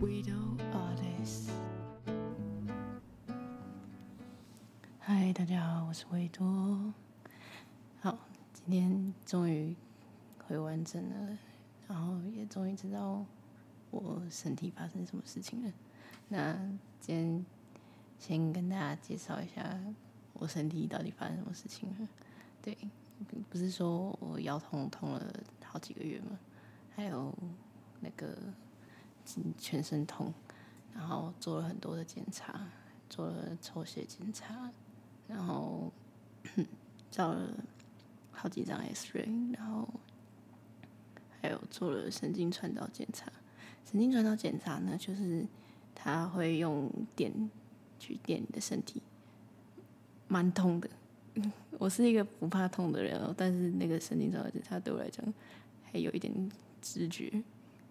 Widow Attis. Hi，大家好，我是維多。好，今天終於回完整了，然後也終於知道我身體發生什麼事情了。那今天先跟大家介紹一下我身體到底發生什麼事情了。對，不是說我腰痛痛了好幾個月嗎？還有那個。全身痛，然後做了很多的檢查，做了抽血檢查，然後照了好幾張 X-ray，然後還有做了神經傳導檢查。神經傳導檢查呢，就是他會用電去電你的身體，蠻痛的。我是一個不怕痛的人，但是那個神經傳導檢查對我來講還有一點知覺。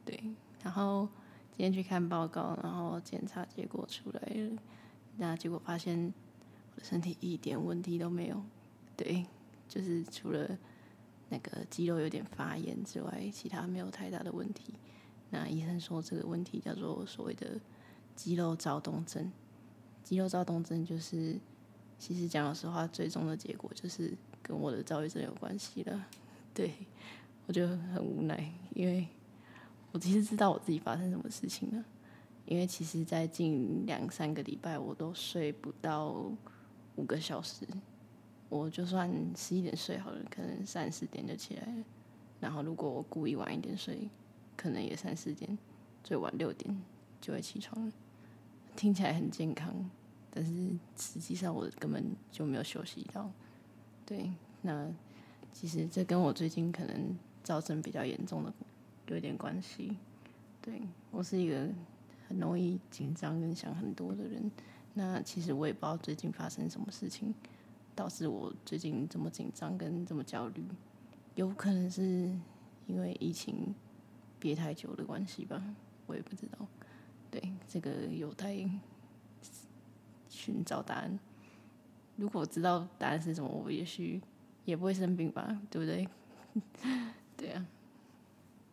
對，然後。今天去看報告，然後檢查結果出來了，那結果發現我的身體一點問題都沒有，對，就是除了那個肌肉有點發炎之外，其他沒有太大的問題。那醫生說這個問題叫做所謂的肌肉躁動症，肌肉躁動症就是，其實講老實話，最終的結果就是跟我的躁鬱症有關係了。對，我就很無奈，因為。我其實知道我自己發生什麼事情了，因為其實，在近兩三個禮拜，我都睡不到五個小時。我就算十一點睡好了，可能三四點就起來了。然後，如果我故意晚一點睡，可能也三四點，最晚六點就會起床。聽起來很健康，但是實際上我根本就沒有休息到。對，那其實這跟我最近可能躁症比較嚴重的。有點關係，對，我是一個很容易緊張跟想很多的人。那其實我也不知道最近發生什麼事情，導致我最近這麼緊張跟這麼焦慮。有可能是因為疫情憋太久的關係吧，我也不知道。對，這個有待尋找答案。如果我知道答案是什麼，我也許也不會生病吧，對不對？ 對啊。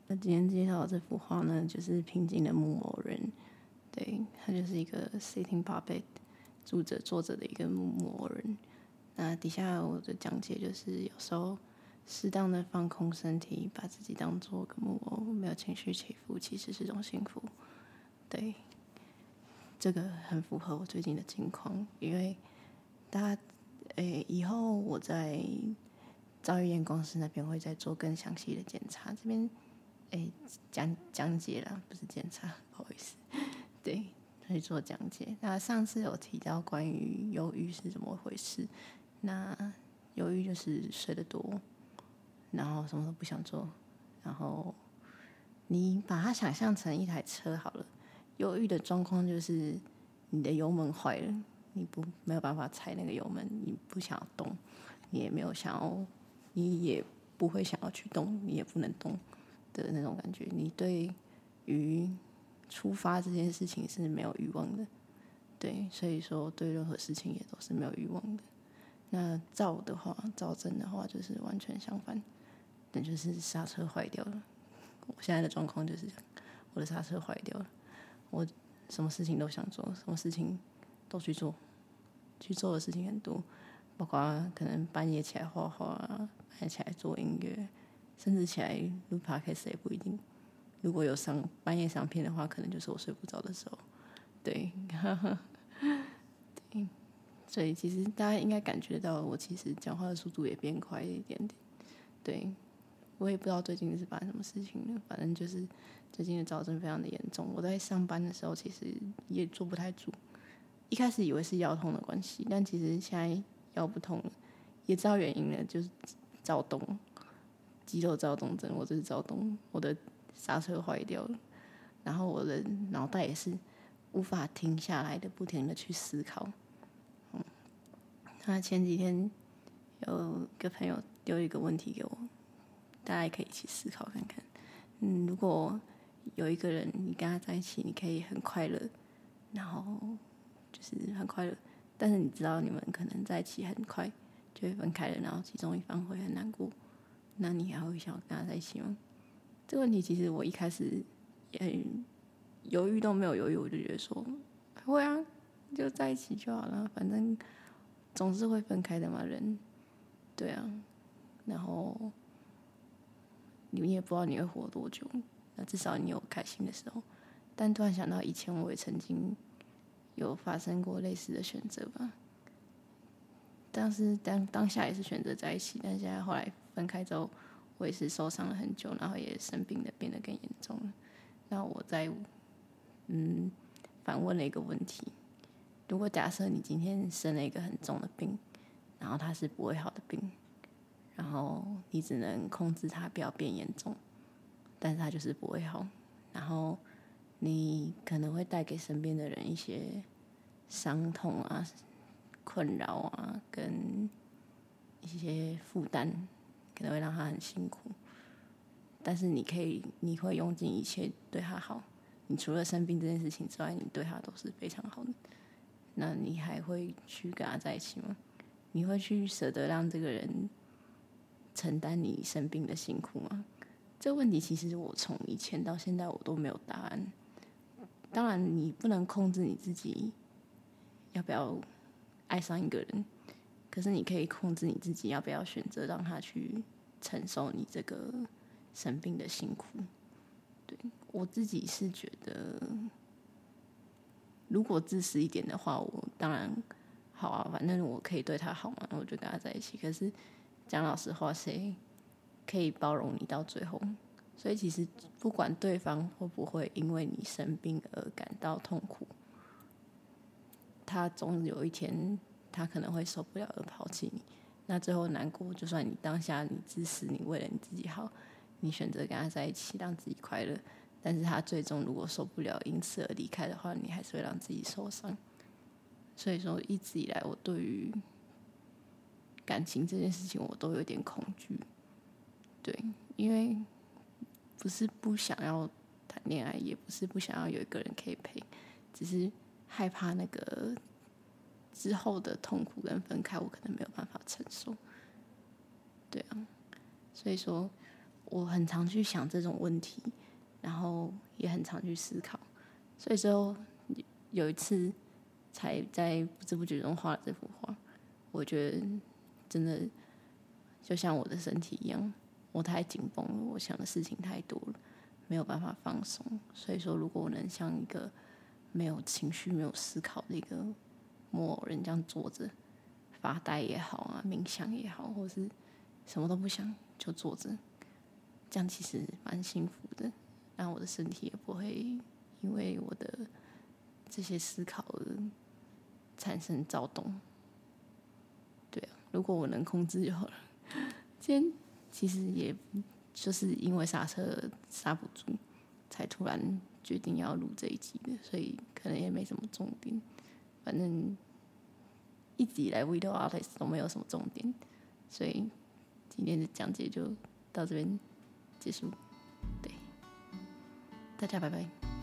那今天介紹的這幅畫呢，就是平靜的木偶人，對，他就是一個 sitting puppet，住着坐着的一個木偶人。那底下我的講解就是，有時候適當的放空身體，把自己當做個木偶，沒有情緒起伏，其實是種幸福。對，這個很符合我最近的情況，因為大家，誒、欸，以後我在趙玉燕公司那邊會再做更詳細的檢查，這邊。哎，講講解了，不是檢查，不好意思。對，去做講解。那上次有提到關於憂鬱是怎麼回事？那憂鬱就是睡得多，然後什麼都不想做。然後你把它想象成一台車好了，憂鬱的狀況就是你的油門壞了，你不沒有辦法踩那個油門，你不想要動，你也沒有想要，你也不會想要去動，你也不能動。的那種感覺，你對於出發這件事情是沒有欲望的，對，所以說對任何事情也都是沒有欲望的。那躁的話，躁症的話就是完全相反，等就是剎車壞掉了。我現在的狀況就是這樣，我的剎車壞掉了，我什麼事情都想做，什麼事情都去做，去做的事情很多，包括可能半夜起來畫畫，半夜起來做音樂。甚至起來錄 podcast 也不一定，如果有上半夜上片的話，可能就是我睡不着的時候，對， 對，所以其實大家應該感覺到，我其實講話的速度也變快一點點。對，我也不知道最近是發生什麼事情了，反正就是最近的躁症非常的嚴重。我在上班的時候其實也坐不太住，一開始以為是腰痛的關係，但其實現在腰不痛了，也知道原因了，就是躁動。肌肉躁動症，我就是躁動。我的剎車壞掉了，然後我的腦袋也是無法停下來的，不停的去思考。嗯，那前幾天有個朋友丟一個問題給我，大家也可以一起思考看看。嗯，如果有一個人你跟他在一起，你可以很快樂，然後就是很快樂，但是你知道你們可能在一起很快就會分開了，然後其中一方會很難過。那你還會想跟他在一起嗎？這個問題其實我一開始也很猶豫，都沒有猶豫，我就覺得說會啊，就在一起就好了，反正總是會分開的嘛，人對啊。然後你也不知道你會活多久，那至少你有開心的時候。但突然想到以前我也曾經有發生過類似的選擇吧。當時當當下也是選擇在一起，但現在後來。分開之後，我也是受傷了很久，然後也生病的變得更嚴重了。那我在嗯反問了一個問題：如果假設你今天生了一個很重的病，然後它是不會好的病，然後你只能控制它不要變嚴重，但是它就是不會好，然後你可能會帶給身邊的人一些傷痛啊、困擾啊，跟一些負擔。可能會讓他很辛苦，但是你可以，你會用盡一切對他好。你除了生病這件事情之外，你對他都是非常好的。那你還會去跟他在一起嗎？你會去捨得讓這個人承擔你生病的辛苦嗎？這個問題其實我從以前到現在我都沒有答案。當然，你不能控制你自己要不要愛上一個人。可是你可以控制你自己要不要選擇讓他去承受你這個生病的辛苦。對。我自己是覺得，如果自私一點的話，我當然好啊，反正我可以對他好嘛，我就跟他在一起。可是講老實話，誰可以包容你到最後？所以其實不管對方會不會因為你生病而感到痛苦，他總有一天。他可能會受不了而拋棄你，那最後難過。就算你當下你自私，你為了你自己好，你選擇跟他在一起，讓自己快樂。但是他最終如果受不了，因此而離開的話，你還是會讓自己受傷。所以說，一直以來我對於感情這件事情，我都有點恐懼。對，因為不是不想要談戀愛，也不是不想要有一個人可以陪，只是害怕那個。之後的痛苦跟分開，我可能沒有辦法承受。對啊，所以說我很常去想這種問題，然後也很常去思考。所以說有一次才在不知不覺中畫了這幅畫。我覺得真的就像我的身體一樣，我太緊繃了，我想的事情太多了，沒有辦法放鬆。所以說，如果我能像一個沒有情緒、沒有思考的一個……木偶人這樣坐着發呆也好啊，冥想也好，或者是什麼都不想就坐着，這樣其實蠻幸福的，那我的身體也不會因為我的這些思考而產生躁動。對啊，如果我能控制就好了。今天其實也就是因為剎車剎不住，才突然決定要錄這一集的，所以可能也沒什麼重點，反正。一直以來，Widow Attis 都沒有什麼重點，所以今天的講解就到這邊結束。對。大家拜拜。